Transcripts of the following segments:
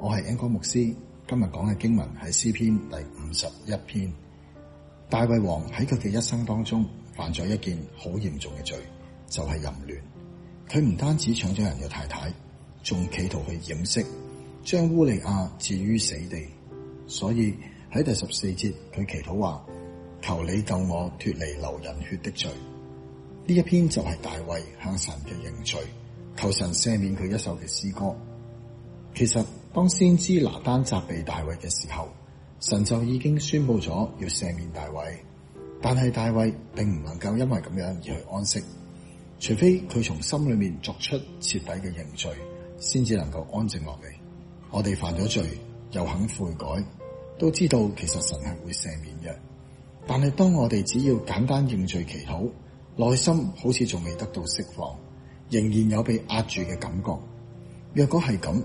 我係 Angus 牧師，今日講嘅經文係詩篇第五十一篇。大衛王喺佢嘅一生當中犯咗一件好嚴重嘅罪，就係、是、淫亂。佢唔單止搶咗人嘅太太，仲企圖去掩飾，將烏利亞置於死地。所以喺第十四節，佢祈禱話：求你救我脫離流人血的罪。呢一篇就係大衛向神嘅認罪，求神赦免佢一首嘅詩歌。其實。當先知拿單責備大衛嘅時候，神就已經宣布咗要赦免大衛。但係大衛並唔能夠因為咁樣而去安息，除非佢從心裏面作出徹底嘅認罪，先至能夠安靜落嚟。我哋犯咗罪又肯悔改，都知道其實神係會赦免嘅。但係當我哋只要簡單認罪祈禱，內心好似仲未得到釋放，仍然有被壓住嘅感覺。若果係咁，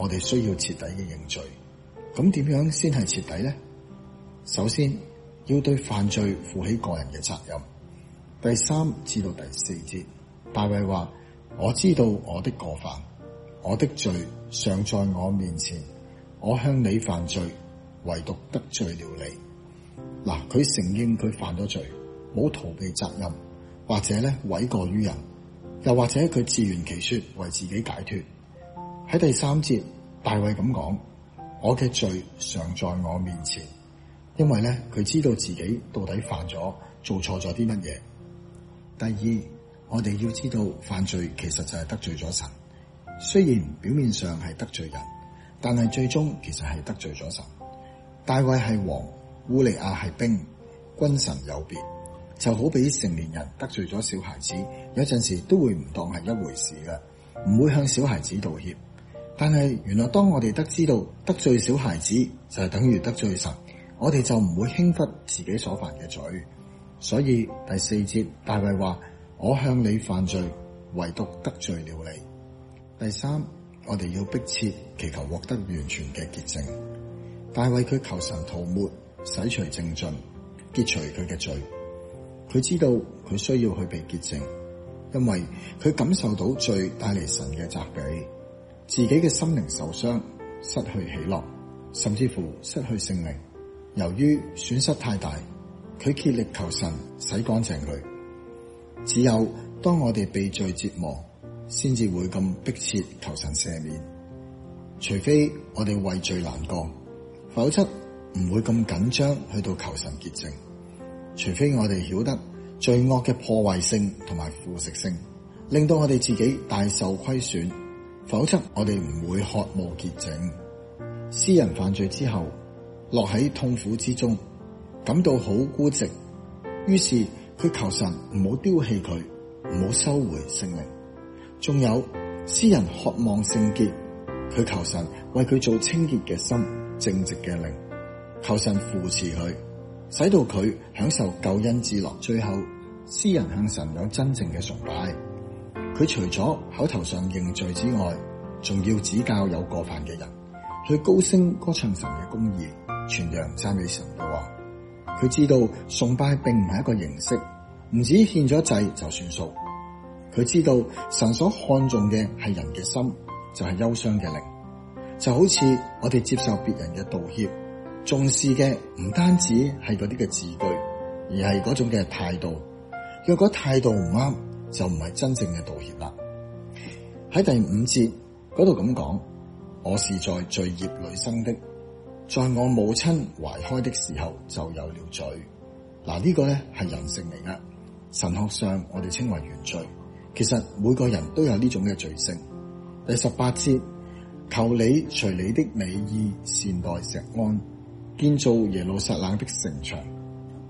我哋需要徹底嘅認罪，咁點樣先係徹底咧？首先，要對犯罪負起個人嘅責任。第三至到第四節，大衛話：我知道我的過犯，我的罪常在我面前，我向你犯罪，唯獨得罪了你。嗱，佢承認佢犯咗罪，冇逃避責任，或者咧諉過於人，又或者佢自圓其說為自己解脫。喺第三節，大衛咁講：我嘅罪常在我面前，因為咧佢知道自己到底犯咗、做錯咗啲乜嘢。第二，我哋要知道犯罪其實就係得罪咗神，雖然表面上係得罪人，但係最終其實係得罪咗神。大衛係王，烏利亞係兵，君臣有別，就好比成年人得罪咗小孩子，有陣時都會唔當係一回事嘅，唔會向小孩子道歉。但係，原來當我哋得知到得罪小孩子就係等於得罪神，我哋就唔會輕忽自己所犯嘅罪。所以第四節大衛話：我向你犯罪，唯獨得罪了你。第三，我哋要迫切祈求獲得完全嘅潔淨。大衛佢求神塗抹、洗除淨盡、潔除佢嘅罪。佢知道佢需要去被潔淨，因為佢感受到罪帶嚟神嘅責備。自己嘅心靈受傷，失去喜樂，甚至乎失去性命。由於損失太大，佢竭力求神洗乾淨佢。只有當我哋被罪折磨，先至會咁迫切求神赦免。除非我哋畏罪難過，否則唔會咁緊張去到求神潔淨。除非我哋曉得罪惡嘅破壞性同埋腐蝕性，令到我哋自己大受虧損。否則我哋唔會渴望潔淨。詩人犯罪之後，落喺痛苦之中，感到好孤寂，於是佢求神唔好丟棄佢，唔好收回聖靈。仲有詩人渴望聖潔，佢求神為佢造清潔嘅心，正直嘅靈，求神扶持佢，使到佢享受救恩之樂。最後，詩人向神有真正嘅崇拜。佢除咗口頭上認罪之外，仲要指教有過犯嘅人，去高聲歌唱神嘅公義，傳揚讚美神嘅話。佢知道崇拜並唔係一個形式，唔止獻咗祭就算數。佢知道神所看重嘅係人嘅心，就係憂傷嘅靈。就好似我哋接受別人嘅道歉，重視嘅唔單止係嗰啲嘅字句，而係嗰種嘅態度。若果態度唔啱，就唔係真正嘅道歉啦。喺第五節嗰度咁講，我是在罪孽裏生的，在我母親懷胎的時候就有了罪。嗱呢個咧係人性嚟噶，神學上我哋稱為原罪。其實每個人都有呢種嘅罪性。第十八節，求你隨你的美意善待錫安，建造耶路撒冷的城牆。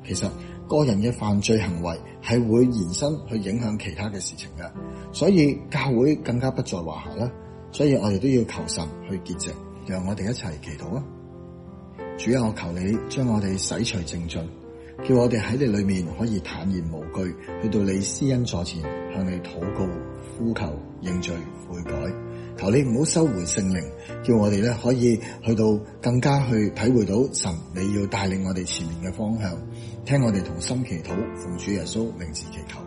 其實。個人嘅犯罪行為係會延伸去影響其他嘅事情嘅，所以教會更加不在話下啦。所以我哋都要求神去潔淨，讓我哋一齊祈禱啊！主要我求你將我哋洗除淨盡。叫我哋喺你裏面可以坦然無懼，去到你施恩座前，向你禱告、呼求、認罪悔改，求你唔好收回聖靈，叫我哋咧可以去到更加去體會到神你要帶領我哋前面嘅方向，聽我哋同心祈禱，奉主耶穌名字祈求。